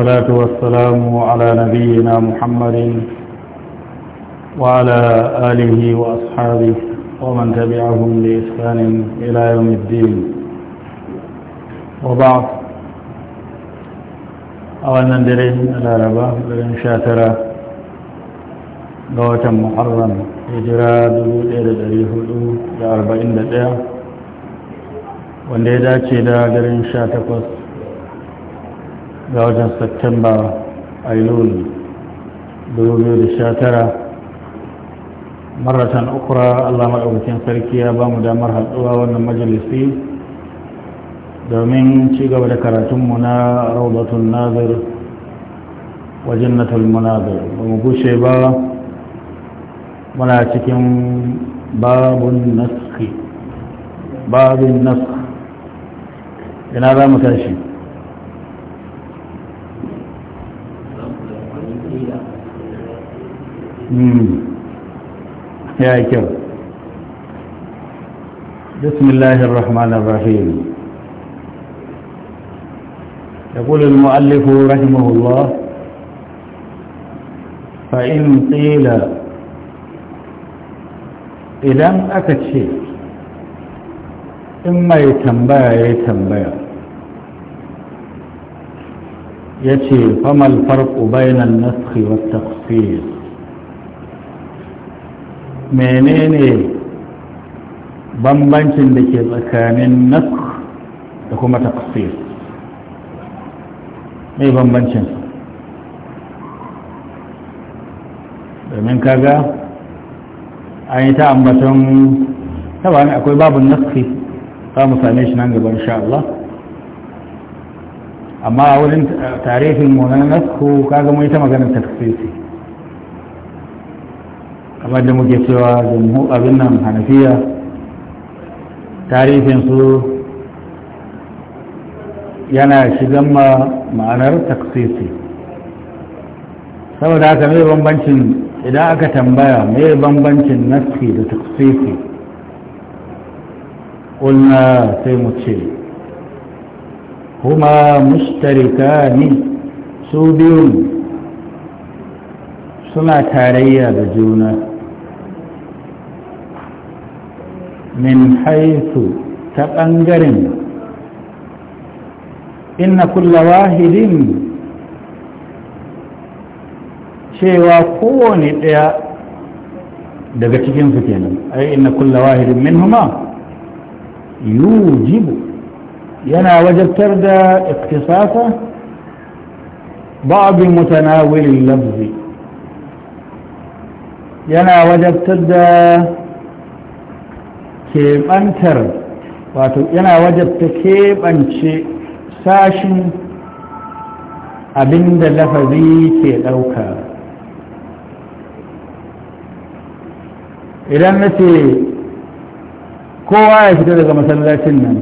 والصلاة والسلام على نبينا محمد وعلى آله وأصحابه ومن تبعهم لإحسان إلى يوم الدين وبعض أولا درين الأربعة درين شاترة قوة محرم hijira 1441 wanda ya dace da garin 18 ga watan september ailul 2019 maratan ukura allah maɗaukacin sarki ya ba mu damar haɗuwa wannan majalisi domin ci gaba da karatunmu na raubatun nazir wajen jannatul munazir ba mu gushe ba muna cikin babun naski babin naski ina za mu tashi يا كيو بسم الله الرحمن الرحيم يقول المؤلف رحمه الله فإن قيل إذا إذن شيء إما يتنبأ يتنبأ يتي فما الفرق بين النسخ والتقصير menene bambancin da ke tsakanin nak da kuma tafsir mai bambancin domin kaga an yi ta ambaton tabani akwai babin naski za mu same shi nan gaba insha Allah amma a wurin tarihin mu na nasku kaga mun yi ta maganar tafsiri kamar da muke cewa jumhu abin nan hanafiya tarihinsu yana shigan ma ma'anar taksisi saboda haka mai bambancin idan aka tambaya mai bambancin naski da taksisi ƙulna sai mu ce kuma mustarika ne su biyu. suna tarayya da juna min haisu ta ɓangaren inna kulla wahidin cewa kowane ɗaya daga cikinsu kenan ai inna kulla wahidin min huma yujibu yana wajabtar da iktisasa ba'abin mutanawilin lafzi yana wajabtar da keɓantar wato yana wajabta keɓance sashin abinda lafazi ke ɗauka idan na ce kowa ya fita daga masallacin nan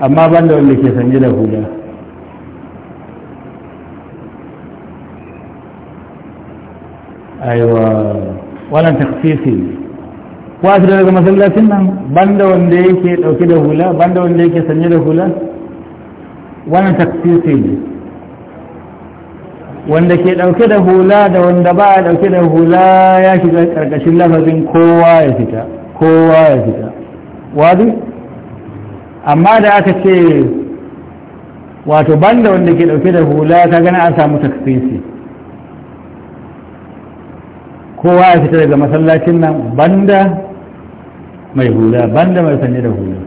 amma da wanda ke sanye da hula aiwa wannan takfisi kwashi daga masallacin nan banda wanda yake dauke da hula banda wanda yake sanye da hula wani taksisi ne wanda ke dauke da hula da wanda ba a dauke da hula ya shiga karkashin lafazin kowa ya fita kowa ya fita wadu amma da aka ce wato banda wanda ke dauke da hula ta gana an samu taksisi kowa ya fita daga masallacin nan banda mai hula banda mai sanye da hula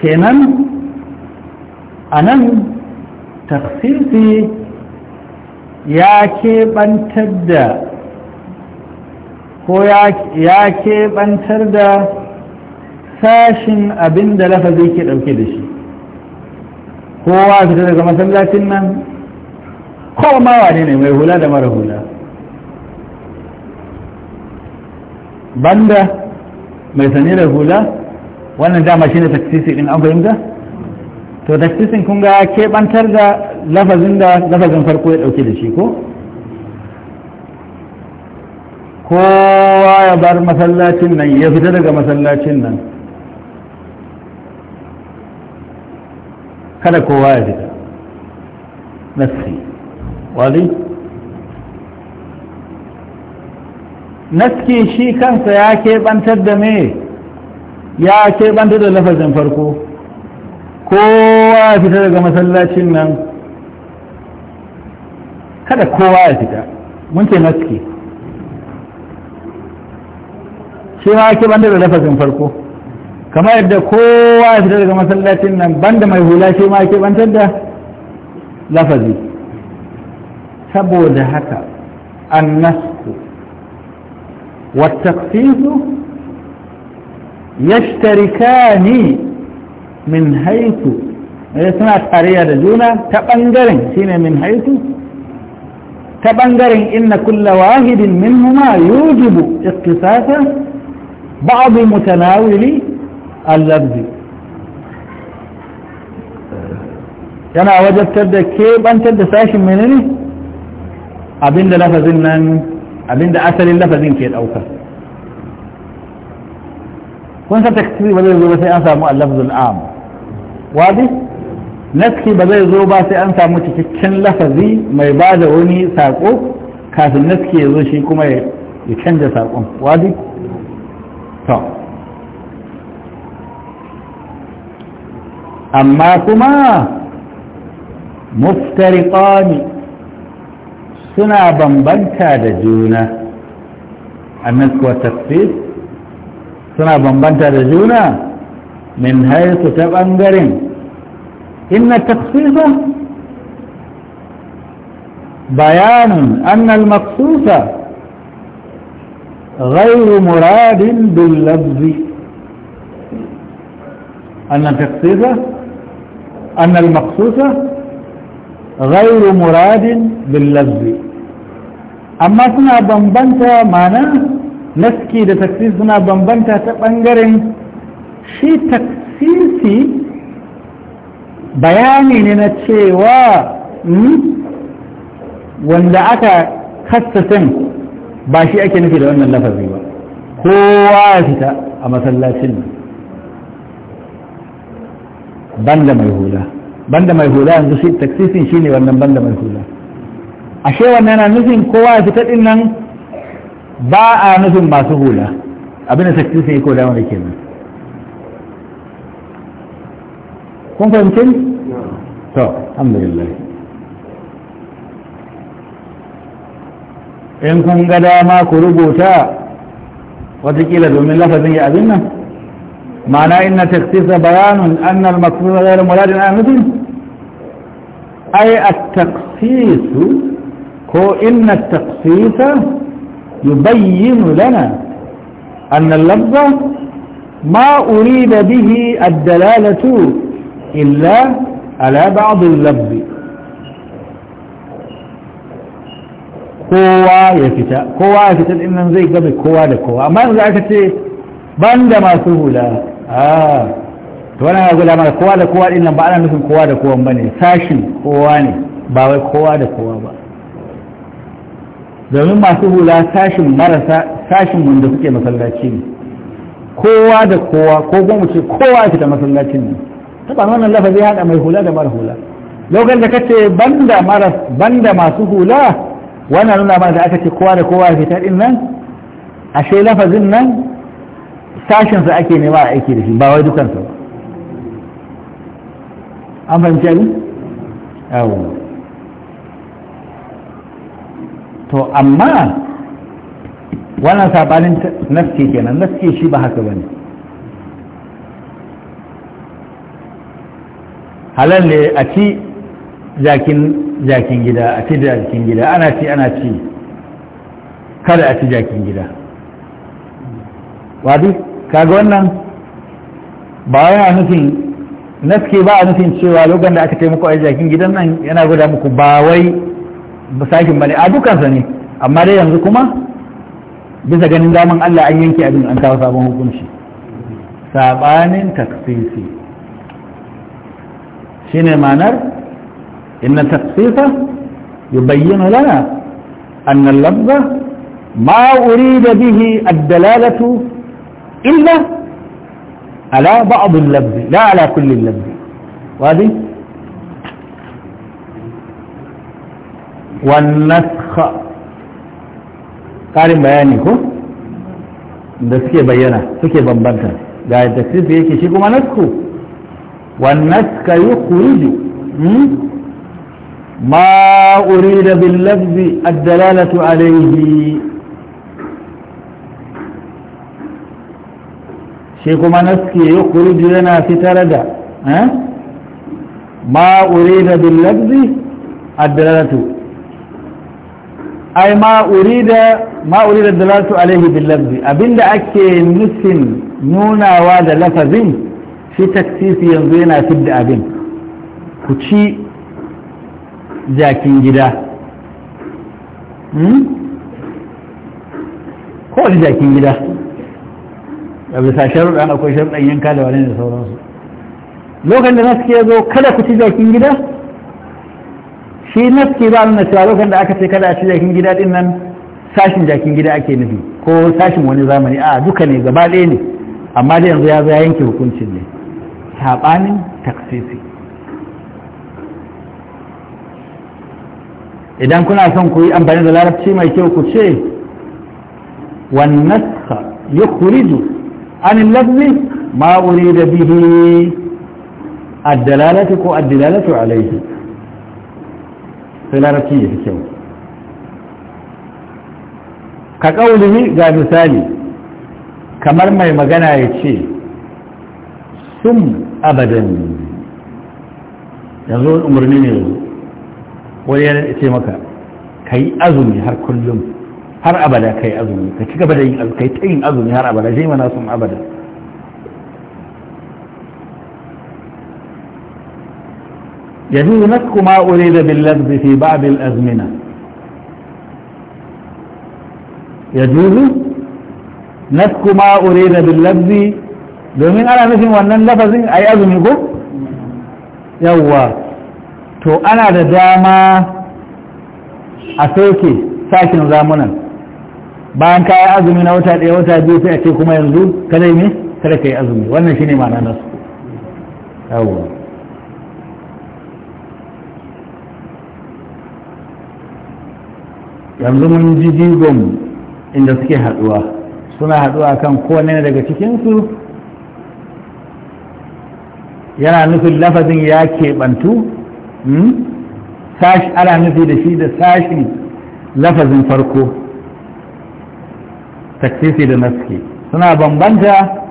kenan a nan taksisi ya keɓantar da ko ya keɓantar da sashin abin da lafazi ke ɗauke da shi kowa fita daga masallacin nan kowa ma wane ne mai hula da mara hula banda mai sane da hula wannan dama shi ne taktisi ɗin an fahimta to taksisin kun ga keɓantar da lafazin da lafazin farko ya ɗauke da shi ko kowa ya bar masallacin nan ya fita daga masallacin nan kada kowa ya fita nassi wali Naske shi kansa ya keɓantar da me ya keɓantar da lafazin farko kowa ya fita daga masallacin nan kada kowa ya fita mun ce naske shi ma ya keɓantar da lafazin farko kamar yadda kowa ya fita daga masallacin nan banda mai hula shi ma ya keɓantar da lafazi saboda haka annas والتخفيف يشتركان من حيث اسمع قريه دونا تبانغرين شنو من حيث تبانغرين ان كل واحد منهما يوجب اختصاص بعض متناول اللفظ انا وجدت كيف انت ده ساشي منين ابين ده لفظين abinda asalin lafazin ke ɗauka kun san taksiri ba zai zo ba sai an samu allafzul am wadi naski ba zai zo ba sai an samu cikakken lafazi mai ba da wani sako kafin naski ya zo shi kuma ya canza saƙon. wadi to amma kuma muftariqani suna bambanta da juna annas kuwa tafsir suna bambanta da juna min haisu ta ɓangaren inna tafsisa bayanin annal maksusa غير مراد باللفظ أن التخصيص أن المخصوص غير مراد باللفظ amma suna bambanta mana naski da taksisi suna bambanta ta ɓangaren shi taksisi bayani ne na cewa hmm, wanda aka kassasin ba shi ake nufi da wannan lafazi ba kowa ya fita a masallacin banda mai hula banda mai hula yanzu shi taksisin shi ne wannan banda mai hula ashe wannan na nufin kowa ya fita din nan ba a nufin masu hula abin da sakti sai ko da ke nan kun fahimci to alhamdulillah in kun ga dama ku rubuta watakila domin lafazin ya abin nan ma'ana inna taksisa bayanun annal maksuda ghayr muradin a nufin ai a taksisu? كو ان التقصيص يبين لنا ان اللفظ ما اريد به الدلالة الا على بعض اللفظ كوا يكتا كوا يكتا ان زي قبل كوا لكوا اما ان زعكت بند ما سهولا آه. wannan ya zama kowa da kowa din nan ba ana nufin kowa da kowa bane sashin kowa domin masu hula sashin marasa sashin wanda suke masallaci ne kowa da kowa ko goma ce kowa ya fita masallacin ne ta ba wannan lafazi haɗa mai hula da mara hula lokacin da kace banda maras banda masu hula wannan nuna ba da aka ce kowa da kowa ya fita din nan ashe lafazin nan sashin su ake nema a aiki da shi ba wai dukansu ba an fahimci ne? to amma wannan sabanin nafke kenan nafke shi ba haka bane halal ne a ci jakin gida a ci jakin gida ana ci ana ci kada a ci jakin gida wadu kaga wannan ba yana nufin nafke ba a nufin cewa lokacin da aka taimako a jakin gidan nan yana guda muku ba wai sakin bane a dukansa ne amma dai yanzu kuma bisa ganin daman Allah an yanke abin an kawo sabon hukunci sabanin taksisi shine manar inna taksisa yubayyinu lana anna lafza ma da bihi ad-dalalatu illa ala ba'd al-lafzi la ala kulli al-lafzi wadi والنسخ karin bayani ko da suke bayyana suke bambanta ga yadda sirfi yake shi kuma nasku wannaska yi kuriju ma urida bin lafzi addalalatu alaihi shi kuma naske yi kuriju yana fitar da ma urida bin lafzi addalalatu ai ma urida ma urida dalatu alaihi bil lafzi abinda ake nufin nunawa da lafazin shi taksisi yanzu yana fidda abin ku ci jakin gida hmm? ko wani jakin gida da bisa sharuɗan akwai sharuɗan yanka da wani da sauransu lokacin da na suke zo kada ku ci jakin gida shi nafki za nuna cewa lokacin da aka ce kada a ci jakin gida din nan sashin jakin gida ake nufi ko sashin wani zamani a duka ne gaba ɗaya ne amma da yanzu ya zaya yanke hukuncin ne saɓanin taksisi idan kuna son ku yi amfani da larabci mai kyau ku ce wannan yukhriju an lafzi ma bihi ad-dalalatu ko ad-dalalatu sai larabci ya fi kyau ka ƙaunihi ga misali kamar mai magana ya ce sun abadan yanzu umarni ne yanzu wani ya ce maka ka yi azumi har kullum har abada ka yi azumi ka ci gaba da yin azumi ka yi ta yin azumi har abada shi mana sun abada يجوز نسخ ما أريد باللفظ في بعض الأزمنة يجوز نسخ ما أريد باللفظ domin ana nufin wannan lafazin a yi azumi ko? yawwa to ana da dama a soke sashin zamunan bayan ka yi azumi na wata ɗaya wata biyu sai a ce kuma yanzu kada ne kada ka yi azumi wannan shine ma'ana nasu yawwa yanzu mun ji digon inda suke haduwa suna haduwa kan kone daga cikinsu yana nufin lafazin ya keɓantu hmm? ana nufi da shi da sashi lafazin farko taksisi da naske suna bambanta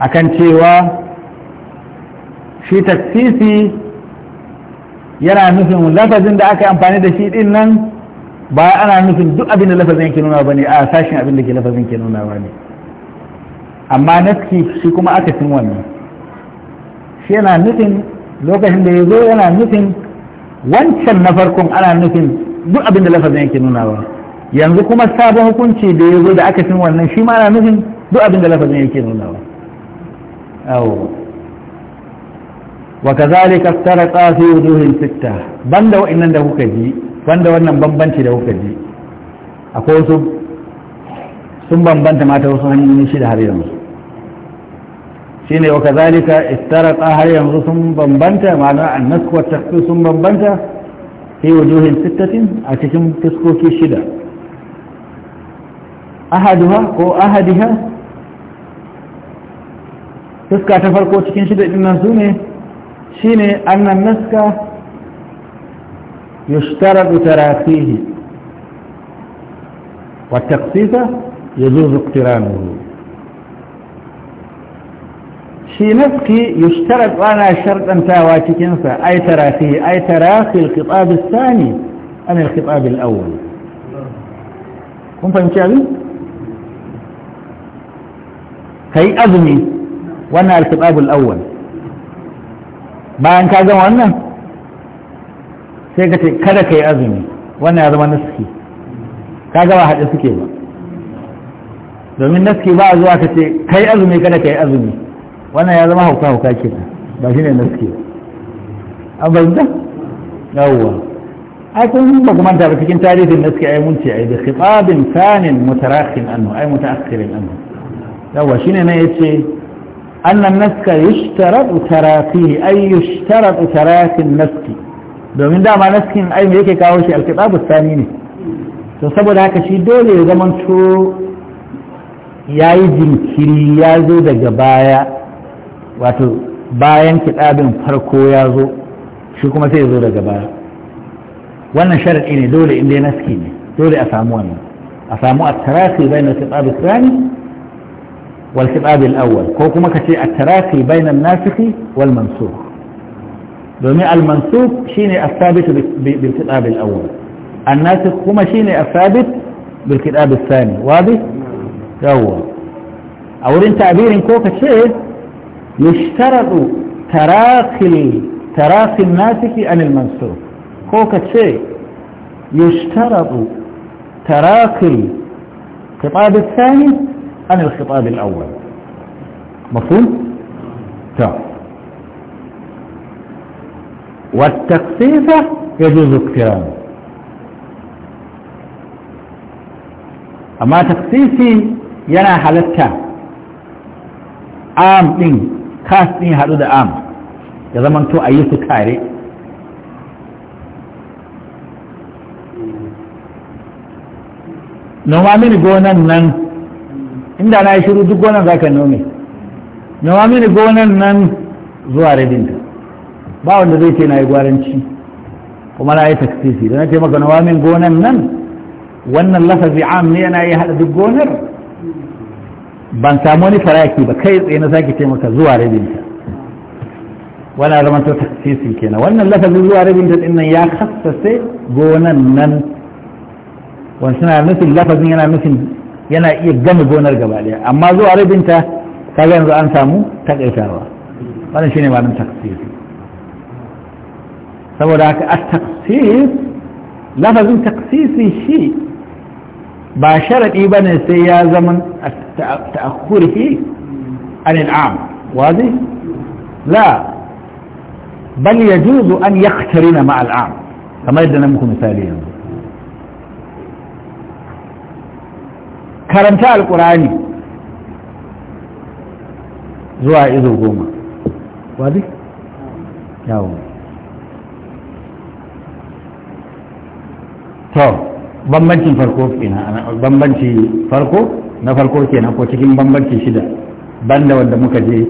akan cewa shi taksisi yana nufin lafazin da aka yi amfani da shi din nan ba ana nufin duk abin da lafazin yake nuna ba ne a sashen abin da ke lafazin ke nuna ba ne amma naski shi kuma aka cin wannan shi yana nufin lokacin da ya zo yana nufin wancan na farkon ana nufin duk abin da lafazin yake nuna ba yanzu kuma sabon hukunci da ya zo da aka cin wannan shi ma ana nufin duk abin da lafazin yake nuna ba wa kazalika tarqa fi wujuhin sitta banda wa'annan da kuka ji banda wannan bambanci da kuka ji akwai wasu sun bambanta mata wasu hanyoyi shida har yanzu shine wa kazalika istaraqa har sun bambanta ma'ana annas wa takfir sun bambanta fi wujuhin sittatin a cikin fiskoki shida ahaduha ko ahadiha ta farko cikin shida din شيني أن النسك يشترك تراثيه والتقسيس يجوز اقترانه شي نسك يشترك أنا شرطا واتي انسى أي تراثيه أي تراثي الخطاب الثاني عن الخطاب الأول كم فهمت شعبي؟ كي أذني وأنا الخطاب الأول bayan ka gama wannan sai ka ce kada ka yi azumi wannan ya zama naski ka gama haɗe suke ba domin naski ba zuwa ka ce ka yi azumi kada ka yi azumi wannan ya zama hauka hauka ke ba shi ne naski ba an bayyanta yawwa ai kun ba kuma ta cikin tarihin naski ai mun ce ai da khitabin sanin mutarakhin annu ai mutaakhirin annu yawwa shine ne yace أن النسك يشترط تراثيه أي يشترط تراث النسك domin dama naskin ai me yake kawo shi alkitabu sani ne to saboda haka shi dole ya zama to yayi jinkiri ya zo daga baya wato bayan kitabin farko ya zo shi kuma sai ya zo daga baya wannan sharadi ne dole inda ya naski ne dole a samu wannan a samu at-tarasi bayan al-kitabu sani والكتاب الأول كوكما كشي التراخي بين الناسخ والمنسوخ دومي المنسوخ شيني الثابت بالكتاب الأول الناسخ هما شيني الثابت بالكتاب الثاني واضح؟ هو أولين تعبير كوكا شيء يشترط تراخي تراخي الناسخ عن المنسوخ كوكا شيء يشترط تراخي الكتاب الثاني عن الخطاب الاول مفهوم تمام طيب. والتقصيف يجوز اقتران اما تقصيصي ينا حالتا عام دين خاص دين هذا عام يا زمان تو اي سكاري نوامين جونا ننس inda na yi shiru duk gonan za ka nome nawa mini gonan nan zuwa rabinta ba wanda zai ce na yi gwaranci kuma na yi taksisi da na ce maka nawa min gonan nan wannan lafazi am ne yana yi hada duk gonar ban samu wani faraki ba kai tsaye na sake ce maka zuwa ta wani zamantar taksisi kenan wannan lafazin zuwa rabin ta nan ya kassace gonan nan wani suna nufin lafazin yana nufin yana iya gama gonar gaba daya amma zuwa rabinta kaga yanzu an samu takaitawa wannan shine malam taksir saboda haka a taksir lafazin taksisi shi ba sharaɗi ba ne sai ya zama ta akurki an al'am wazi la bal yajuzu an yaqtarina ma al'am kamar yadda na muku misali yanzu karanta alkurani zuwa izo goma wadi? yawon to bambancin farko kenan bambanci farko na farko kenan ko cikin bambanci shida banda wanda muka je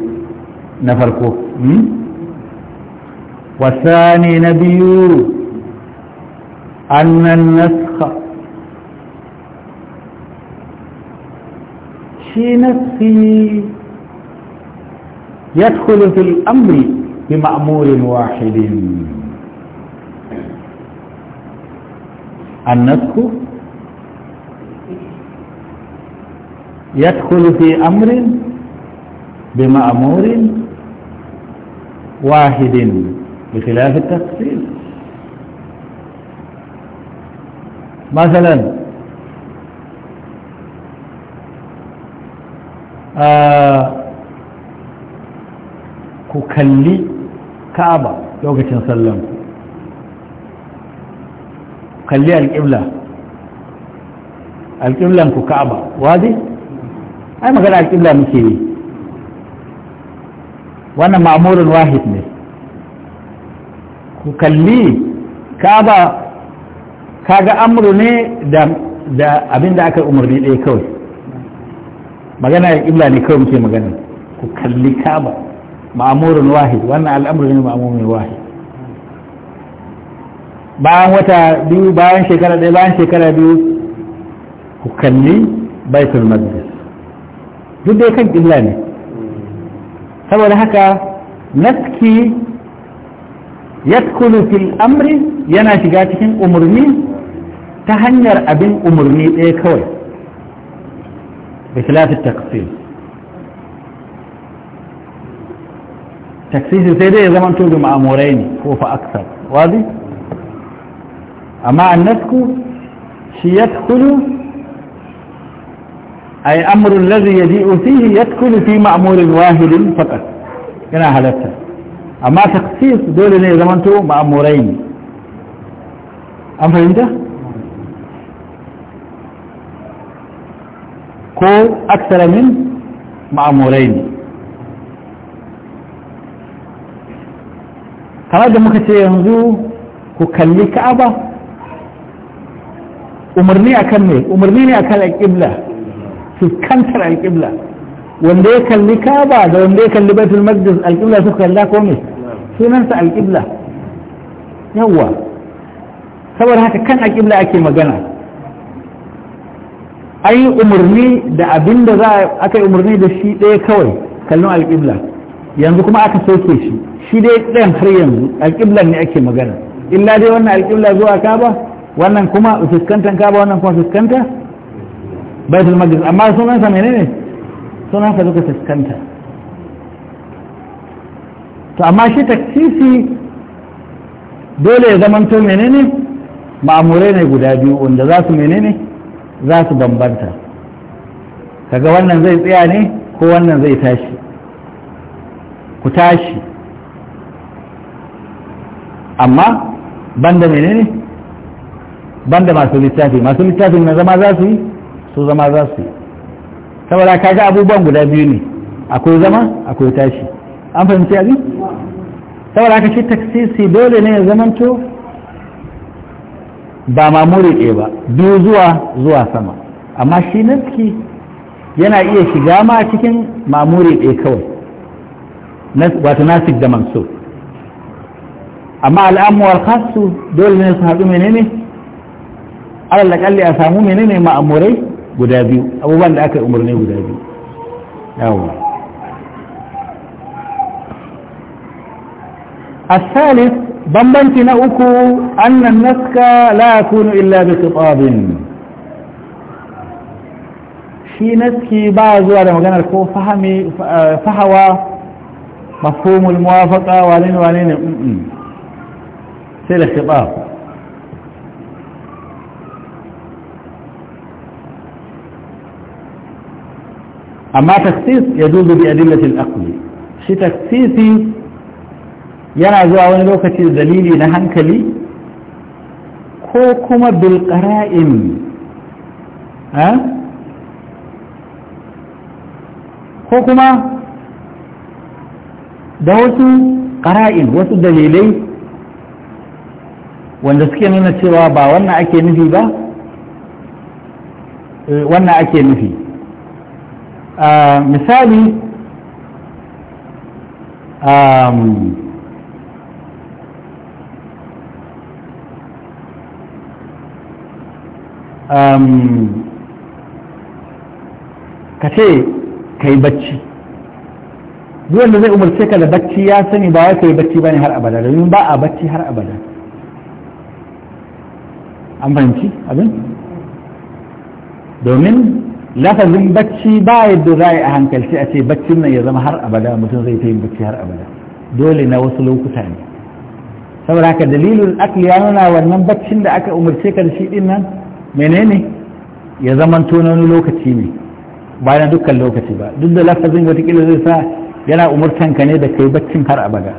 na farko hmm? wasani na biyu annan nasu في نفسي يدخل في الأمر بمأمور واحد النسخ يدخل في أمر بمأمور واحد بخلاف التفصيل مثلا ku kalli ka'aba lokacin sallan ku kalli alƙibla alƙiblan ku ka'aba wazi ai magana alƙibla muke yi wannan ma'amurin wahid ne ku kalli ka'aba kaga amru ne da abinda aka umarni ɗaya kawai magana ya ƙibla ne kawai muke magana ku kalli kaba ma'amurin wahid wannan al'amuri ne ma'amurin wahid bayan wata biyu bayan shekara ɗaya bayan shekara biyu ku kalli baitul maqdis duk dai kan ƙibla ne saboda haka naski yadkulu fil amri yana shiga cikin umarni ta hanyar abin umarni ɗaya kawai بخلاف التقسيم تقسيم سيدي إذا ما أنتم بمأمورين هو فأكثر واضح أما النسكو شي يدخل أي أمر الذي يجيء فيه يدخل في مأمور واحد فقط هنا هلتها أما تخصيص دول إذا ما أنتم مأمورين أم فهمت؟ ko aksara min ma'amurai ne kamar da muka ce yanzu ku kalli ka'aba umarni a kan ne umarni ne a kan alƙibla fuskantar alƙibla wanda ya kalli ka'aba da wanda ya kalli baitul maqdis alƙibla su kalla ko me sunansa alƙibla yawwa saboda haka kan alƙibla ake magana an yi umarni da abin da za a kai umarni da shi ɗaya kawai kallon alƙibla yanzu kuma aka soke shi shi dai ɗayan har yanzu alƙiblan ne ake magana illa dai wannan alƙibla zuwa kaba wannan kuma fuskantar kaba wannan kuma fuskanta baitul maqdis amma sunansa menene sunansa duka fuskanta to amma shi taksisi dole ya zamanto menene ma'amurai ne guda biyu wanda za su menene za su bambanta kaga wannan zai tsaya ne ko wannan zai tashi ku tashi amma banda menene banda masu littafi masu littafi na zama za su yi su zama za su yi saboda kaga abubuwan guda biyu ne akwai zama akwai tashi an fahimci abin saboda haka shi taksisi dole ne ya zamanto ba ma muri ɗaya ba biyu zuwa zuwa sama amma shi naski yana iya shiga ma cikin mamuri ɗe kawai wato nasik da mansu amma al'amuwar kasu dole ne su haɗu menene alal a samu menene ma'amurai guda biyu abubuwan da aka yi umarni guda biyu yawo Asali. بمبنت نأكو أن النسك لا يكون إلا بخطاب في نسك بعض على مجانا لكو فهمي فهوى مفهوم الموافقة وانين وانين سيل الخطاب أما تخصيص يجوز بأدلة الأقل شي تخصيصي yana zuwa wani lokaci da dalili na hankali ko kuma bilkara'in ko kuma da wasu ƙara'in wasu dalilai wanda suke nuna cewa ba wannan ake nufi ba eh, wannan ake nufi ah, misali um, ka ce ka yi bacci wanda zai umarce ka da bacci ya sani ba ya ka yi bacci ba ne har abada domin ba a bacci har abada an fahimci abin domin lafazin bacci ba yadda za a hankalci a ce baccin nan ya zama har abada mutum zai ta yin bacci har abada dole na wasu lokuta ne saboda haka dalilin akli ya nuna wannan baccin da aka umarce ka da shi din nan menene ya zaman na lokaci ne ba na dukkan lokaci ba duk da lafazin watakila zai sa yana umurtan ka ne da kai baccin har abada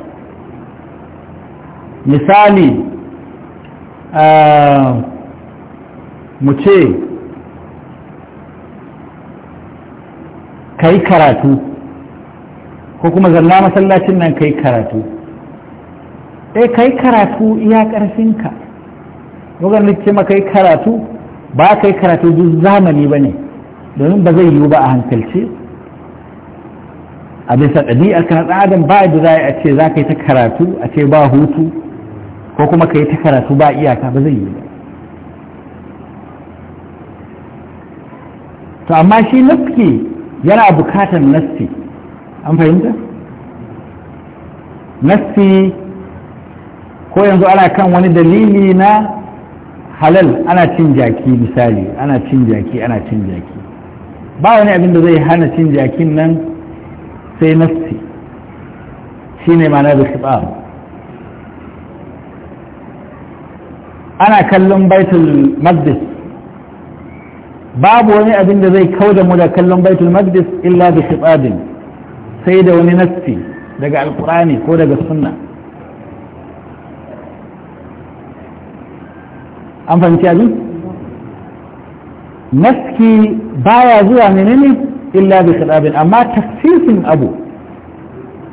misali ah, mu ce kai karatu ko kuma zanna masallacin nan kai karatu eh kai karatu iya ƙarfinka wagar ce ma kai karatu ba ka yi karatu duk zamani ba ne domin ba zai yiwu ba a hankalci a bisa ɗabi a kan adam ba da za a ce za ka yi ta karatu a ce ba hutu ko kuma ka yi ta karatu ba iyaka ba zai yiwu ba to amma shi nafki yana bukatar nassi an fahimta nassi ko yanzu ana kan wani dalili na halal ana cin jaki misali ana cin jaki ana cin jaki ba wani abin da zai hana cin jakin nan sai nafsi shi ne mana da shiɓa ana kallon baitul maqdis babu wani abin da zai kau da mu da kallon baitul maqdis illa da shiɓadin sai da wani nafsi daga alkurani ko daga sunna an fahimci abin Maski baya zuwa menene illa bi khidabin amma tafsirin abu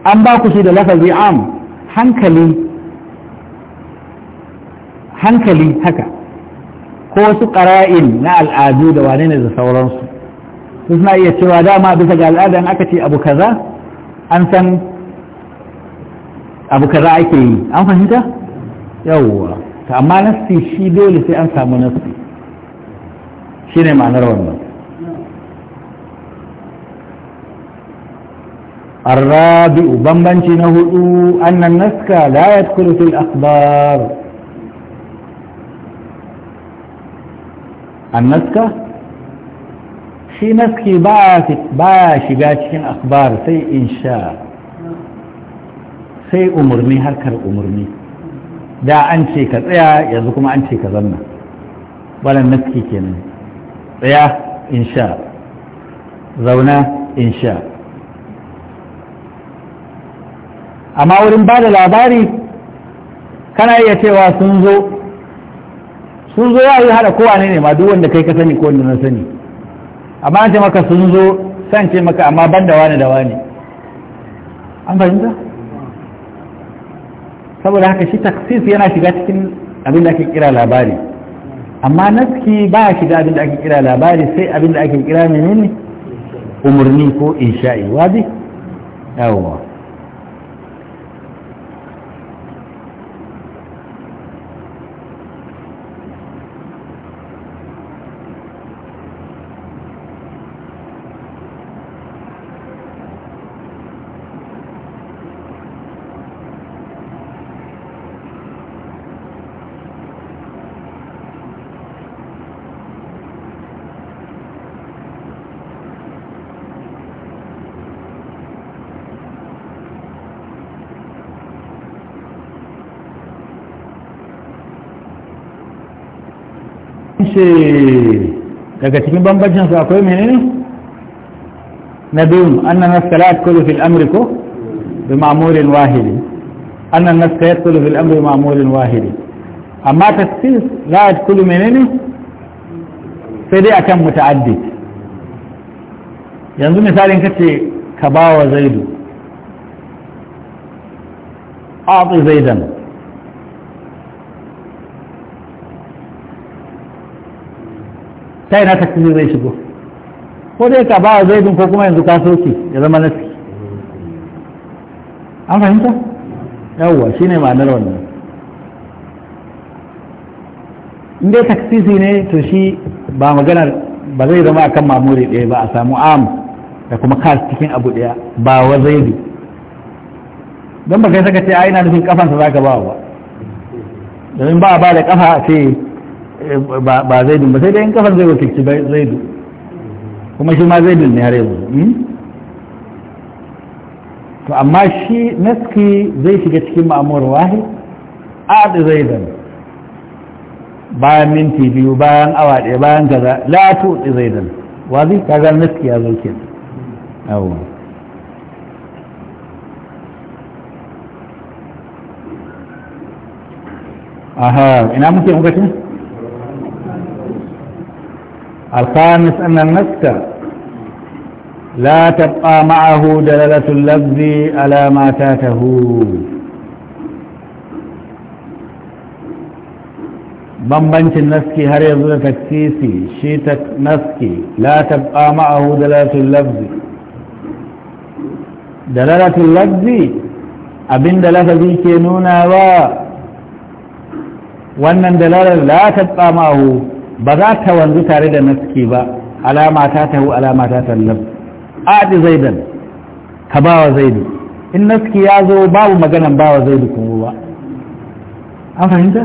an ba ku shi da lafazi am hankali hankali haka ko wasu ƙara'in na al'adu da wane ne da sauransu suna iya cewa dama bisa ga al'adan aka ce abu kaza an san abu kaza ake yi an fahimta yawwa to amma nassi shi dole sai an samu nassi shi ne ma'anar wannan الرابع بمبنشي نهدو أن النسك لا يدخل في الأخبار النسك شي نسكي باشي باشكين أخبار سي إنشاء سي أمرني هركر أمرني da an ce ka tsaya yanzu kuma an ce ka zanna wannan naski kenan tsaya insha zauna insha amma wurin ba da labari kana iya cewa sun zo sun zo yayi yi hada kowa ne ma duk wanda kai ka sani ko wanda na sani amma an ce maka sun zo san ce maka amma ban da wani da wani an fahimta saboda haka shi taksis yana shiga cikin abin da ake kira labari amma naski ba shiga abin da ake kira labari sai abin da ake kira menene umarni ko insha'i wazi yawwa ce daga cikin bambancin su akwai menene na biyun annan naska ya tukulu fil amri ko bi ma'amurin wahidi annan naska ya tukulu fil amri ma'amurin wahiri amma tasir la ya tukulu menene sai dai a akan muta'addi yanzu misalin ce ka ba wa zaidu a'ati zaidan ta ina cikin zai shigo ko dai ka ba zaidin ko kuma yanzu ka soke ya zama nasi an fahimta yawwa shine ma'anar wannan in dai taksisi ne to shi ba maganar ba zai zama akan mamuri ɗaya ba a samu am da kuma kas cikin abu ɗaya ba wa zaidi don ba kai saka ce a ina nufin kafansa za ka ba wa ba domin ba a ba da kafa a ce ba zaidu ba sai dai in kafar zai wakilci zaidu kuma shi ma zaidu ne har yanzu hmm? to amma shi naski zai shiga cikin ma'amur wahi a da zaidan bayan minti biyu bayan awa ɗaya bayan gaza la da zaidan zai kagar naski ya zo ke aha ina muke muka ce الخامس أن النسك لا تبقى معه دلالة اللفظ على ما تاته بمبنش النسكي هري ظل تكسيسي شيتك نسكي لا تبقى معه دلالة اللفظ دلالة اللفظ أبن دلالة ذي كنونا و وأن دلالة لا تبقى معه ba za ta wanzu tare da naske ba alama ta tahu alama ta tallab aɗi zaidan ka ba wa zaidu in naske ya zo babu maganan ba wa zaidu kuma ba an fahimta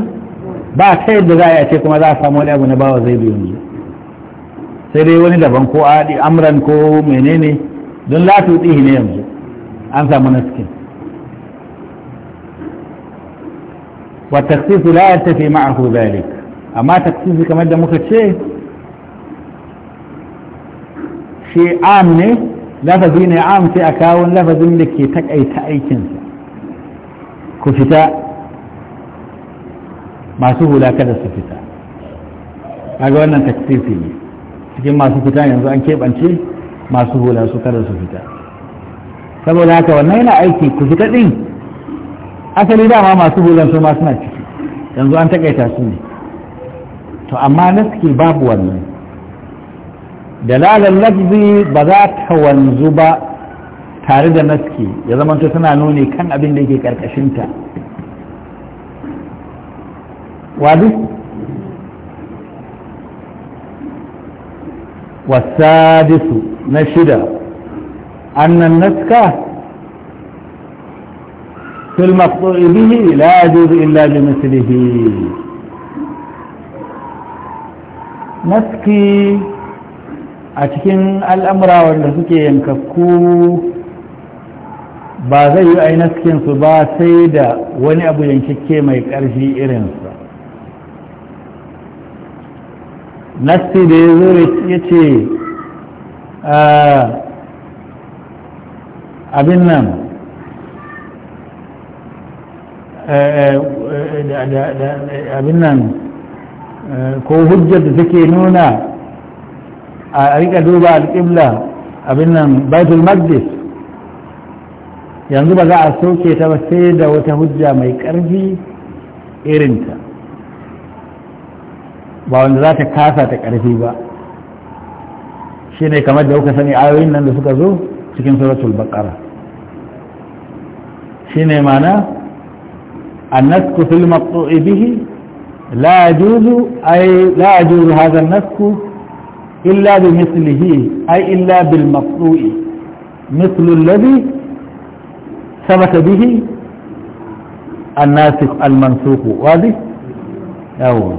ba ta yadda za a ce kuma za a samu wani abu na ba wa zaidu yanzu sai dai wani daban ko aɗi amran ko menene don latu tsihi ne yanzu an samu naskin والتخصيص لا يتفي معه ذلك amma taksisi kamar da muka ce shi am ne lafazi ne am sai a kawo lafazin da ke takaita aikinsa ku fita masu hula kada su fita kaga wannan taksisi ne cikin masu fita yanzu an keɓance masu hula su kada su fita saboda haka wannan yana aiki ku fita ɗin asali dama masu hulan su ma suna ciki yanzu an takaita su ne to amma naski babu wannan dalalar lafzi ba za ta wanzu ba tare da naski ya zamanta tana nuni kan abin da yake karkashinta wadu wasadisu na shida annan naska في المقطوع به لا يجوز إلا بمثله naski a cikin al'amura wanda suke yankakku ba zai yi ai naskinsu ba sai da wani abu yankakke mai ƙarfi irinsa naski da ya zo ya ce abin nan eh, eh, eh, abin nan ko hujjar da take nuna a rika duba alƙibla abin nan baitul maqdis yanzu ba za a soke ta ba sai da wata hujja mai ƙarfi irinta ba wanda za ta kasa ta ƙarfi ba shine kamar da kuka sani ayoyin nan da suka zo cikin suratul baqara shine mana annasku fil maqtu'i bihi لا يجوز أي لا يجوز هذا النسك إلا بمثله أي إلا بالمقطوع مثل الذي ثبت به الناسخ المنسوخ واضح؟ أول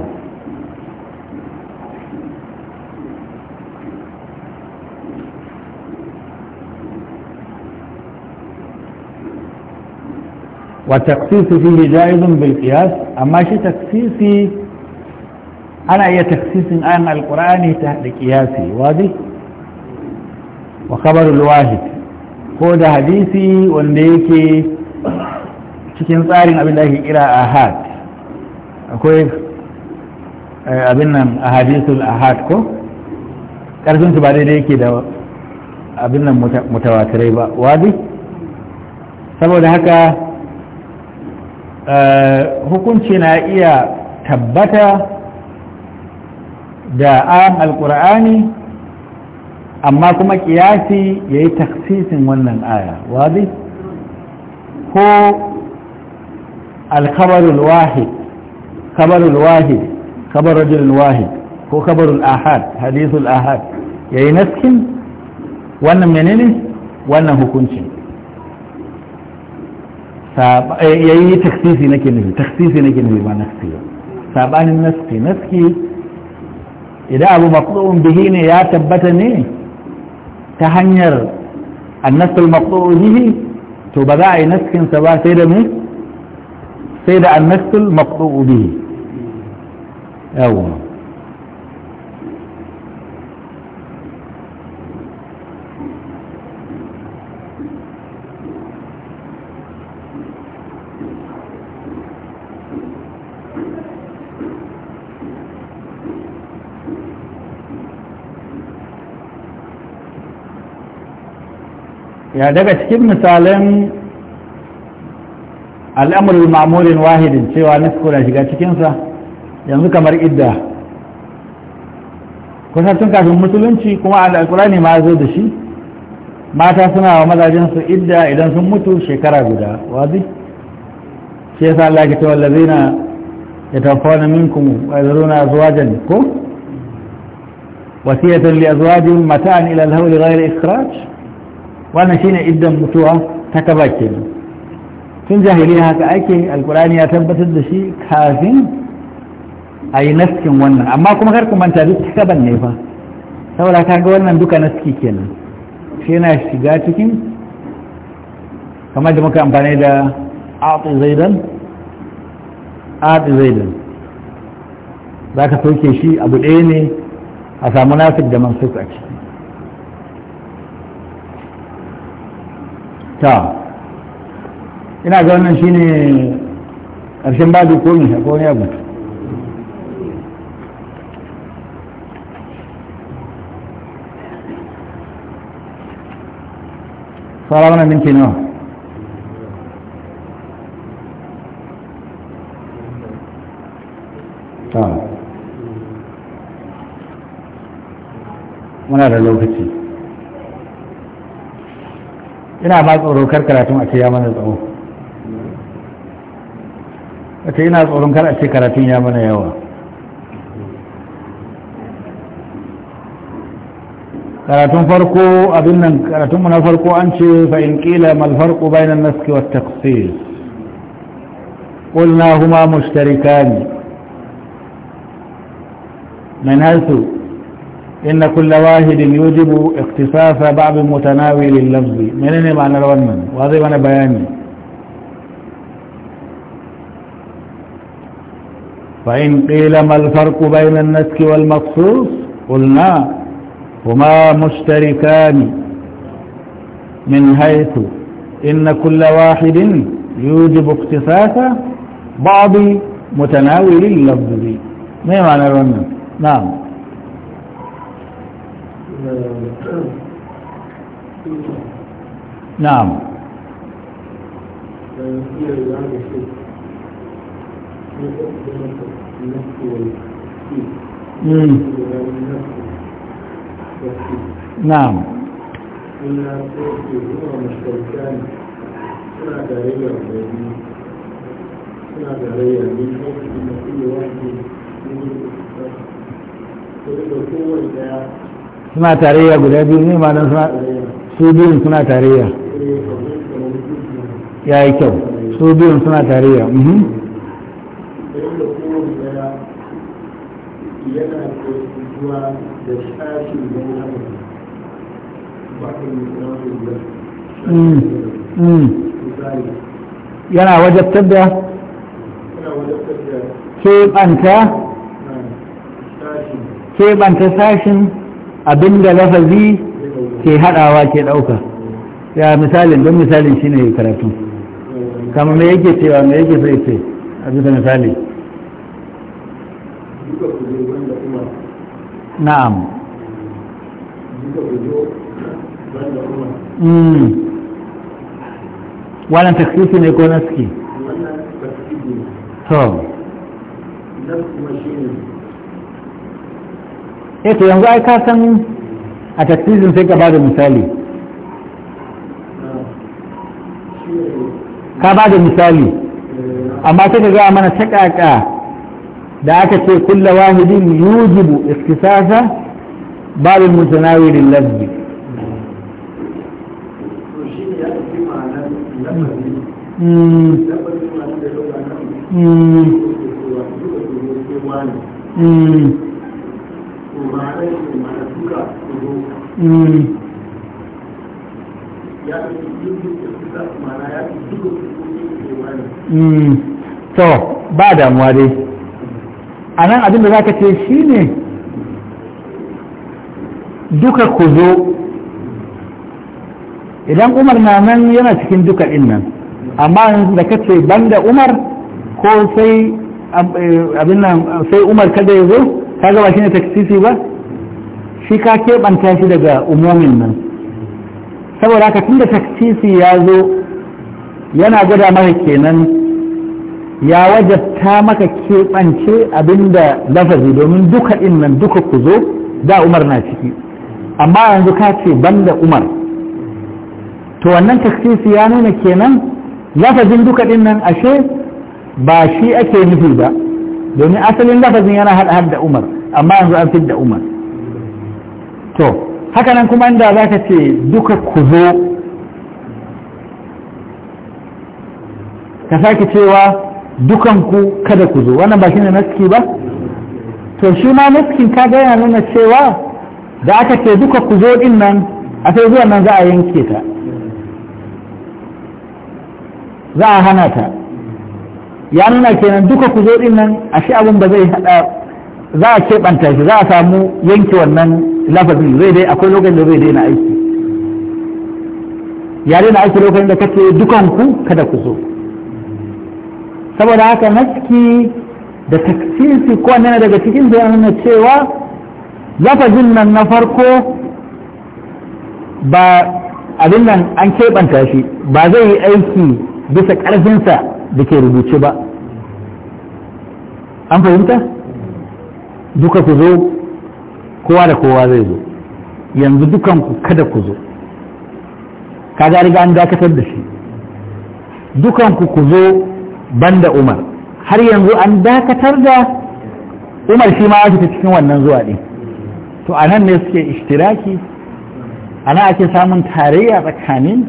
والتخصيص فيه جائز بالقياس أما شيء تخصيصي أنا أي تخصيص أن القرآن تحت قياسي واضح وخبر الواحد هو حديثي وانديكي cikin tsarin abin da ake kira ahad akwai abin nan ahadisul ahad ko ƙarfin su ba daidai yake da abin nan mutawatirai ba wadi saboda haka Eh, hukunci na iya tabbata da an alkur'ani amma kuma kiyasi ya yi taksisin wannan aya wazi ko alkabarul wahid kabarul wahid kabarul wahid ko kabarul ahad hadisul ahad ya yi naskin wannan menene wannan hukuncin yayi taksisi nake nufi taksisi nake nufi ba naski sabanin naski naski idan abu maqdu'un bihi ne ya tabbata ne ta hanyar annasul maqdu'u bihi to ba za a yi naskin sa ba sai da me sai da annasul maqdu'u bihi yawwa ya daga cikin misalin al'amurin ma'amurin wahidin cewa nisku na shiga cikinsa yanzu kamar idda kusan tun kafin musulunci kuma al'ulani ma zo da shi mata suna wa mazajensu idda idan sun mutu shekara guda wazi shi sa Allah ke cewa na ya tafona minkum wa zuwa zuwajen ko wasiyatun li azwajin mata'an ila al-hawl ghayr ikhraj wannan shine iddan mutuwa ta kaba kenan tun jahiliya haka ake alkurani ya tabbatar da shi kafin a yi naskin wannan amma kuma kar ku manta duk ta kaban ne fa saboda ka ga wannan duka naski kenan shi yana shiga cikin kamar da muka amfani da aɗi zaidan aɗi zaidan za ka soke shi abu ɗaya ne a samu nasik da mansu a ciki ta ina ga wannan shine ƙarshen babu ko ne ko ne abu fara wannan minti nawa ta muna da lokaci ina ba tsoro kar karatun a ce ya mana tsawo a ce ina tsoron kar a ce karatun ya mana yawa karatun farko abin nan karatun mu na farko an ce fa in kila mal ƙila bayna an-nask wa at-taqsir qulna huma mushtarikan ne من إن كل واحد يوجب اقتصاف بعض متناول اللفظ منين معنى الوانمن وهذا معنى بياني فإن قيل ما الفرق بين النسك والمقصوص قلنا هما مشتركان من حيث إن كل واحد يوجب اقتصاف بعض متناول اللفظ ما معنى الوانمن نعم na'am نعم hmm. suna tarayya guda biyu ne ma su biyun suna tarayya ya yi kyau su biyun suna tarayya mhm. Mhm. Mhm. yana wajabtar da keɓanta keɓanta sashin abinda lafazi ke hadawa ke dauka ya misalin don misalin shine karatu kama me yake cewa me yake sai ce a bisa misali na'am hmm. wannan taksisi ne ko naski to E to yanzu ai ka san a tasirin sai ka ba da misali ka ba da misali amma sai ka gaya mana taƙaƙa da aka ce kulla wahidin yujibu iskisasa babin mutanawirin lafzi Mm. Hmm. Hmm. to ba damuwa dai a nan abinda za ka ce shi ne duka ku zo idan umar na nan yana cikin duka ɗin nan amma da ka ce banda umar ko eh, sai umar kada ya zo ka gaba shi ne taksisi ba shi ka keɓanta shi daga umomin nan saboda haka tun da takcisi ya zo yana gwada maka kenan ya wajabta maka keɓance abinda lafazi domin duka ɗin nan duka ku zo da umar na ciki amma yanzu ka ce banda umar to wannan taksisi ya nuna kenan lafazin duka ɗin nan ashe ba shi ake nufi ba domin asalin lafazin yana haɗa haɗa umar amma yanzu an fi da umar to hakanan kuma inda za ka ce duka ku zo ka sake cewa dukanku kada ku zo wannan ba shi ne naski ba to shi ma naskin ka gaya nuna cewa da aka ce duka ku zo din nan a sai zuwan nan za a yanke ta za a hana ta ya nuna kenan duka ku zo din nan a shi abin ba zai hada za a keɓanta shi za a samu yanke wannan lafazin zai dai akwai lokacin da zai daina aiki ya daina aiki lokacin da kake dukanku kada ku so saboda haka naski da taksisi ko ne daga cikin da nuna cewa lafazin nan na farko ba abin nan an keɓanta shi ba zai yi aiki bisa ƙarfinsa da ke rubuce ba an fahimta? duka ku zo kowa da kowa zai zo yanzu dukanku kada ku zo kaga riga an dakatar da shi dukanku ku zo banda umar har yanzu an dakatar da umar shi ma ta cikin wannan zuwa ɗin to a nan ne suke ishtiraki ana ake samun tarayya tsakanin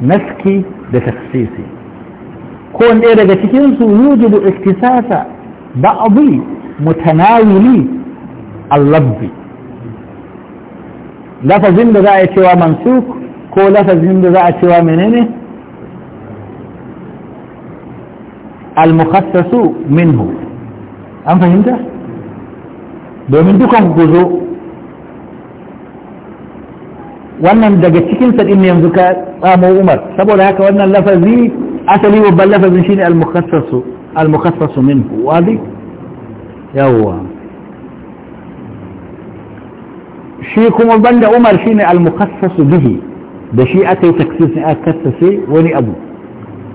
naski da tafsisi ko ɗaya daga cikinsu yujibu iktisasa abu mutanawili al-labbi lafazin da za a cewa mansuk ko lafazin da za a cewa menene al-mukhassasu minhu an fahimta domin dukan ku zo wannan daga cikin sadin yanzu ka tsamo umar saboda haka wannan lafazi asali babban lafazin shine al-mukhassasu al-mukhassasu minhu wadi yawwa shi kuma banda umar shine al-mukhassasu bihi da shi aka yi taksis ne aka kassase wani abu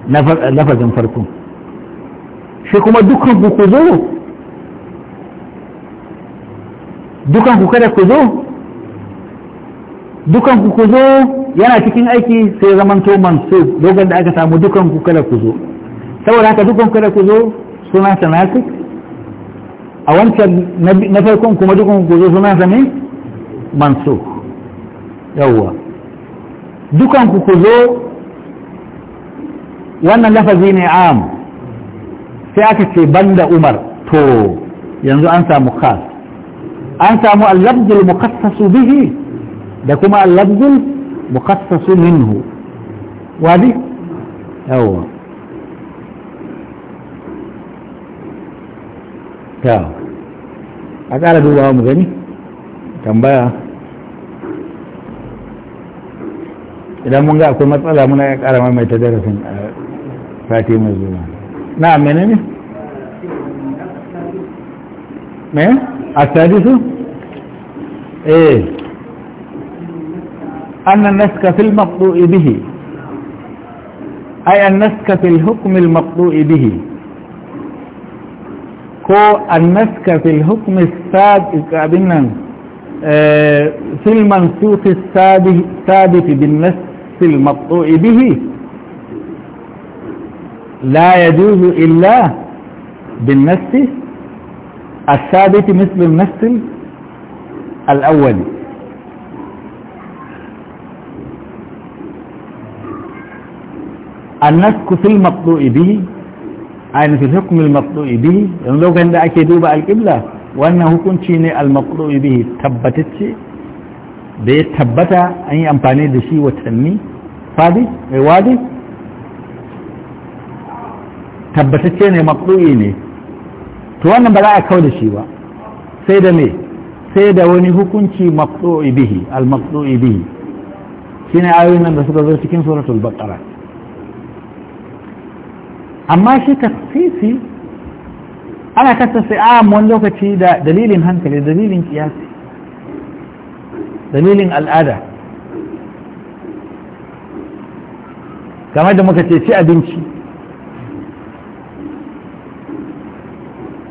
na lafazin farko shi kuma dukkan ku ku zo dukan ku kada ku zo dukan ku ku zo yana cikin aiki sai zaman to mansu dogon da aka samu dukan ku kada ku zo saboda haka dukan ku kada ku zo suna sanasik a wancan na farkon kuma dukkan ku zo suna sa ne manso yawwa dukan ku zo wannan lafazi ne am sai aka ce banda umar to yanzu an samu khas an samu al-labdul muqassasu bihi da kuma al-labdul muqassasu minhu wadi yawwa ta a tsara dubawa mu gani tambaya idan mun ga akwai matsala muna ya ƙara ta darasin a sati mai zuwa na amina ne? me? a sadi su? eh annan naska fil maɓɗo'i bihi ai an naska fil hukumil maɓɗo'i bihi كو النسك في الحكم hukm الثابت abin nan fil mansukh الثابت بالنس nas fil maqtu'i لا يجوز إلا بالنس الثابت مثل النس الأول النسك في المقطوع به ainihin fi hukumin maqdu'i bihi yanzu lokacin da ake duba alƙibla wannan hukunci ne al-maqdu'i bihi tabbatacce da ya tabbata an yi amfani da shi watanni fadi mai wadi tabbatacce ne maqdu'i ne to wannan ba za a kawo da shi ba sai da me sai da wani hukunci maqdu'i bihi al-maqdu'i bihi shine ayoyin nan da suka zo cikin suratul baqara amma shi tasisi ana kasance a wani lokaci da dalilin hankali dalilin kiyasi dalilin al'ada kamar da muka ce ci abinci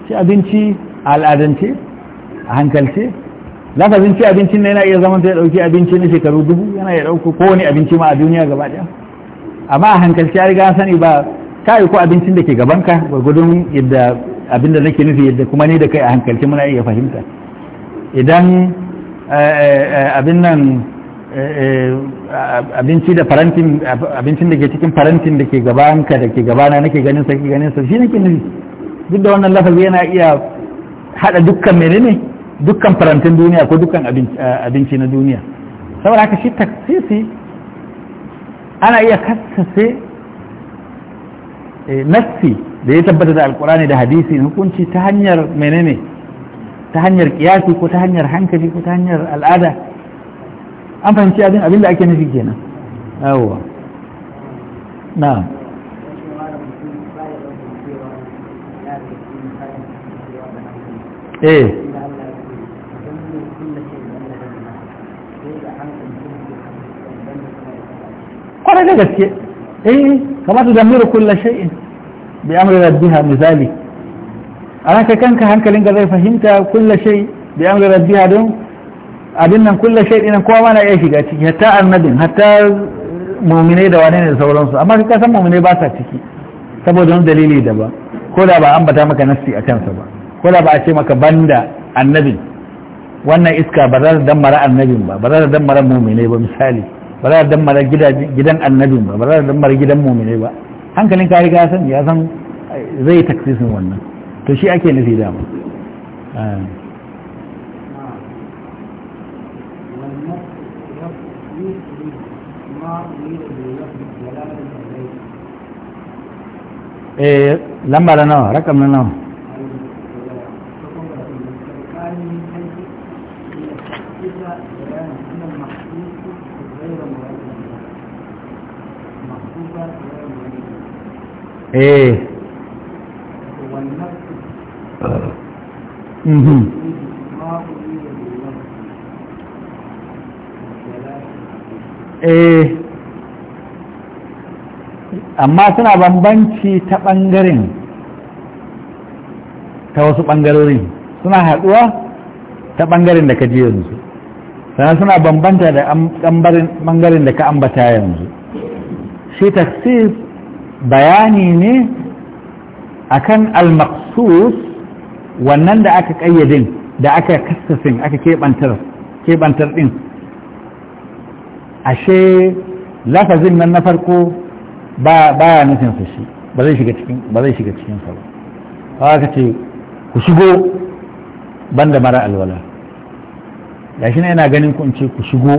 ci abinci a al'adance a hankalce lafazin ci abincin na yana iya zama ya dauki abinci na shekaru dubu yana ya dauko kowane abinci ma a duniya gaba daya amma a hankalce ya riga sani ba ka aiko abincin da ke gabanka gwargwadon yadda abinda nake nufi yadda kuma ne da kai a hankalci muna iya fahimta idan eh, eh, eh, abin nan abinci da farantin abincin da ke cikin farantin da ke gabanka da ke gabana nake ganin sa ganin sa shi nake nufi duk da wannan lafazi yana iya hada dukkan menene dukkan farantin duniya ko dukkan abinci na duniya saboda haka shi taksisi ana iya kassase Eh, nassi da ya tabbata da alkurani da hadisi hukunci ta hanyar menene ta hanyar kiyasi ko ta hanyar hankali ko ta hanyar al'ada an fahimci abin abin da ake nufi kenan yawwa na eh kwarai da gaske eh kamar da damiru kullu shay'in bi amri rabbiha misali ana kai kanka hankalin ka zai fahimta kullu shay bi amri rabbiha don abin nan kullu shay din kowa mana ya shiga ciki hatta annabin hatta mu'minai da wane da sauransu amma ka san mu'minai ba ciki saboda wani dalili daban ko da ba ambata maka nassi a kansa ba ko da ba a ce maka banda annabin wannan iska ba za dammara annabin ba ba za ta dammara ba misali ba za a dammara gidan annabi ba ba za a dammara gidan mumine ba hankalin ka san ya san eh, zai taksisin wannan to shi ake nufi dama eh. eh lamba da nawa rakam na nawa eh mhm. eh amma suna bambanci ta ɓangaren ta wasu ɓangarorin suna haɗuwa ta ɓangaren da ka ji yanzu sannan suna bambanta da ɓangaren da ka ambata yanzu shi taksir bayani ne akan al-maqsus wannan da aka kayyadin da aka kasasin aka kebantar kebantar din ashe lafazin nan na farko ba ya nufin su shi ba zai shiga cikin ba zai shiga cikin sa ba haka ce ku shigo banda mara alwala gashi ne yana ganin ku in ce ku shigo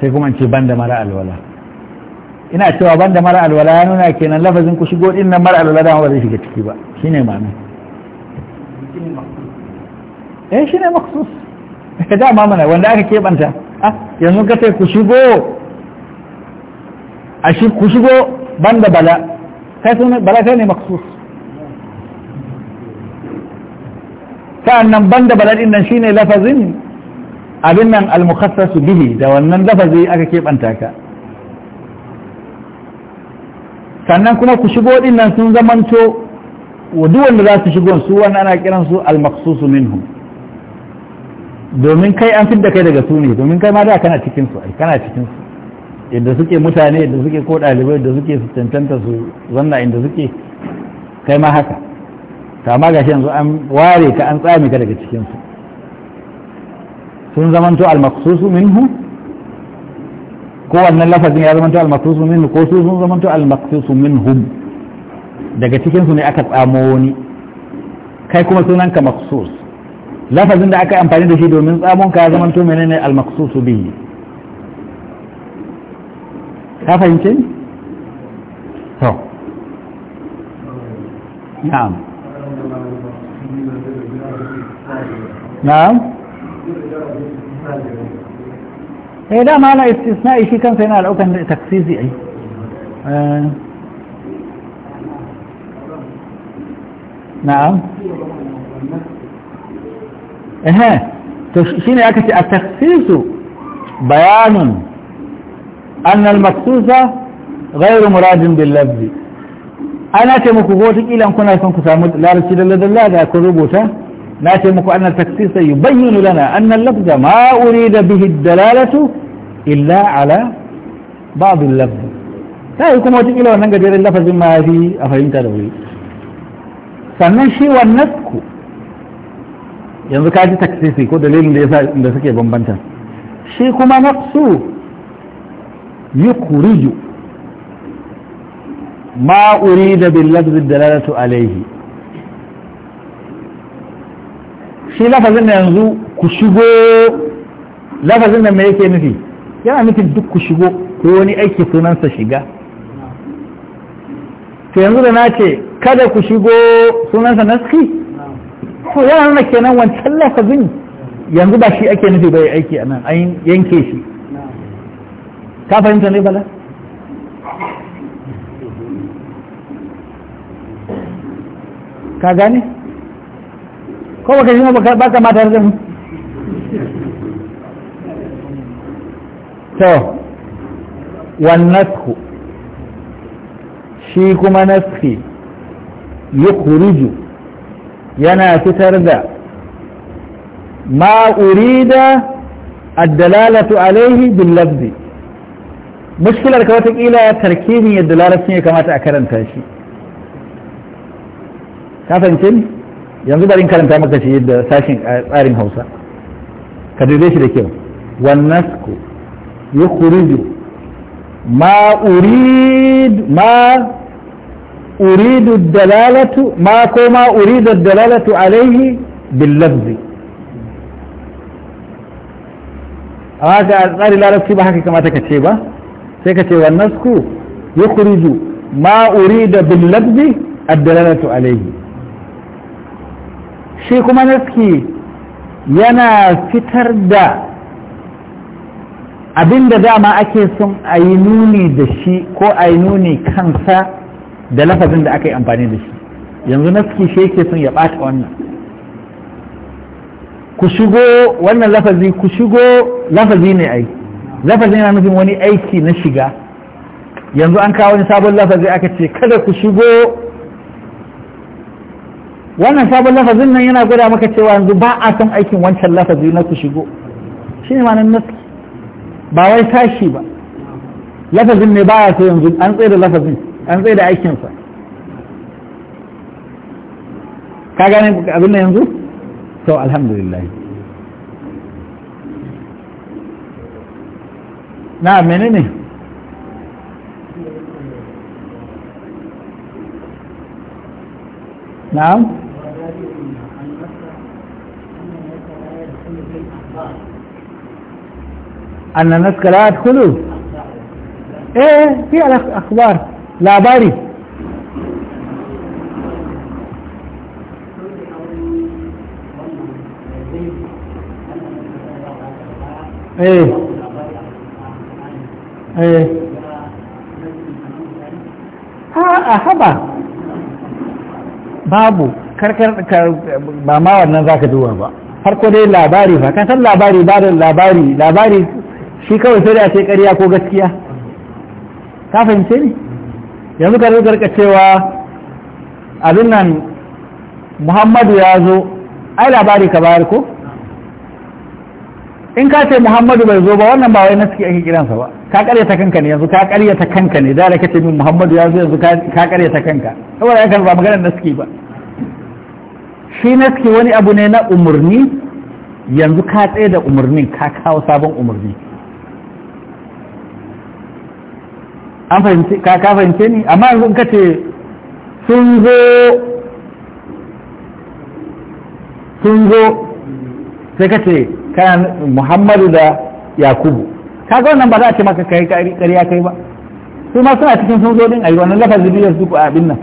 sai kuma in ce banda mara alwala ina cewa banda mara alwala ya nuna kenan lafazin ku shigo din nan mara alwala da ba zai shiga ciki ba shine ma'ana eh shine maksus ka dama mana wanda aka keɓanta ah yanzu ka ce ku shigo a shi ku shigo banda bala kai sun bala kai ne maksus sa'annan banda bala din nan shine lafazin abin nan al-mukhassas bihi da wannan lafazi aka keɓanta ka sannan kuma ku shigo din nan sun zamanto duk wanda za su shigo su Wani ana kiran su al minhum domin kai an fidda kai daga su ne domin kai ma da kana cikin su kana cikin su yadda suke mutane yadda suke ko ɗalibai da suke su cancanta su zanna inda suke kai ma haka kama gashi yanzu an ware ka an tsami ka daga cikinsu sun zamanto al-maqsusu minhu ko wannan lafazin ya zamanto al-maqsus minhu ko su sun zamanto al-maqsus minhum daga cikin su ne aka tsamo wani kai kuma sunan sunanka maqsus lafazin da aka amfani da shi domin tsamon ka ya zamanto menene al-maqsus bihi ka fahimce ni to na'am na'am Eh, dama ana istisna'i shi kansa yana daukan taksisi ai eh. na'am to shine aka ce a taksisu bayanun anna maksusa ghayru muradin bil ana ce muku ko tikilan kuna son ku samu larabci da ladalla da ku rubuta na ce muku annal taksisa yubayyinu lana annal lafza ma da bihi dalalatu illa ala ba'd al-lafz sai kuma wata kila wannan gajeren lafazin ma fi a fahimta da wuri sannan shi wannan ku yanzu ka ji taksisi ko dalilin da yasa da suke bambanta shi kuma nafsu yukuriju ma urida bil lafzi dalalatu alayhi shi lafazin na yanzu ku shigo lafazin na mai yake nufi yana nufin duk ku shigo ko wani aiki sunansa shiga to yanzu da na ce kada ku shigo sunansa naski ko yana nuna kenan wancan lafazin yanzu ba shi ake nufi bai aiki a nan an yanke shi ka fahimta ne bala ka gane ko baka shi ba ka mata da mu to wannasku shi kuma naski yukhruju yana fitar da ma urida addalalatu alaihi bil lafzi mushkilar ka watakila tarkibin yadda larabci ya kamata a karanta shi kasance ne yanzu bari karanta maka shi da sashin eh, tsarin hausa ka dube shi da kyau wannasku ya kuriju ma urid ma uridu dalalatu ma ko ma uridu dalalatu alaihi billafzi a haka tsarin larabci ba haka kamata ka ce ba sai ka ce wannasku ya kuriju ma urida billafzi الدلالة عليه shi kuma naski yana fitar da abin da dama ake son a yi nuni da shi ko a yi nuni kansa da lafazin da aka yi amfani da shi yanzu naski shi yake son ya ɓata wannan ku shigo wannan lafazi ku shigo lafazi ne ai lafazin yana nufin wani aiki na shiga yanzu an kawo wani sabon lafazi aka ce kada ku shigo wannan sabon lafazin nan yana gwada maka cewa yanzu ba a san aikin wancan lafazi na ku shigo shi ne ma nan nasu ba wai tashi ba lafazin ne ba a so yanzu an tsaye da lafazin an tsaye da aikinsa ka gane abin nan yanzu to alhamdulillah na menene ne نعم أن الناس لا يدخلون إيه في أخبار labari eh eh a babu karkar ba ma wannan zaka duba ba farko dai labari ba kan san labari ba da labari labari shi kawai sai da ce ƙarya ko gaskiya ka fahimce ni yanzu ka rika cewa abin nan muhammadu ya zo ai labari ka bayar ko in ka ce muhammadu bai zo ba wannan ba wai naski ake kiransa ba ka ta kanka ne yanzu ka ta kanka ne da ce min muhammadu ya zo yanzu ka ta kanka saboda haka ba maganar naski ba shi naski wani abu ne na umarni, yanzu ka tsaye da umarnin ka kawo sabon umarni. ka fahimce ni amma yanzu ka ce sun zo sun zo sai ka ce kana muhammadu da yakubu ka ga wannan ba za a ce maka kai kariya kai ba su ma suna cikin sun zo din ayi wannan lafazi biyar su abin nan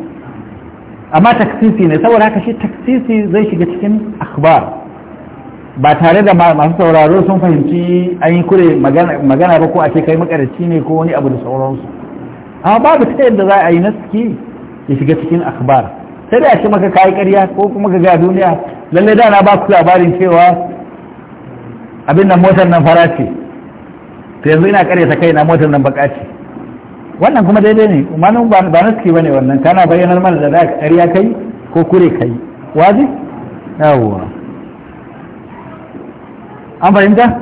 amma taksisi ne saboda haka shi taksisi zai shiga cikin akhbar ba tare da masu sauraro sun fahimci an yi kure magana ba ko a ce kai makarici ne ko wani abu da sauransu amma babu ta yadda za a yi naski ya shiga cikin akhbar sai da shi maka kayi ƙarya ko kuma ga ga duniya lalle da na ba ku labarin cewa abin nan motar nan fara ce to yanzu ina ƙarya ta kai na motar nan baka ce wannan kuma daidai ne umarnin ba naski ba ne wannan kana bayyanar mana da za ƙarya kai ko kure kai wazi yawwa an fahimta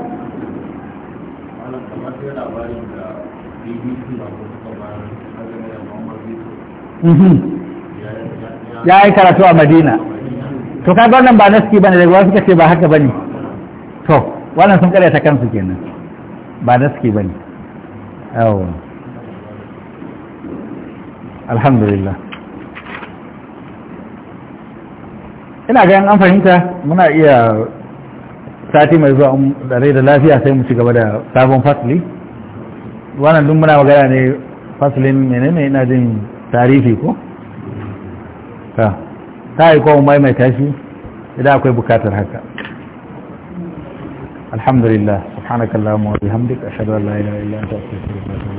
Mhm. ya yi karatu a madina to kaga wannan ba naski bane daga wasu suka ba haka bane to wannan sun kare ta kansu kenan ba naski bane yawo alhamdulillah ina ga an fahimta muna iya sati mai zuwa da da lafiya sai mu ci gaba da sabon fasili wannan duk muna magana ne fasilin menene ina jin tarihi ko ta ta yi mai mai tashi idan akwai bukatar haka alhamdulillah subhanakallahumma wa bihamdika ashhadu an la ilaha illa anta astaghfiruka wa atubu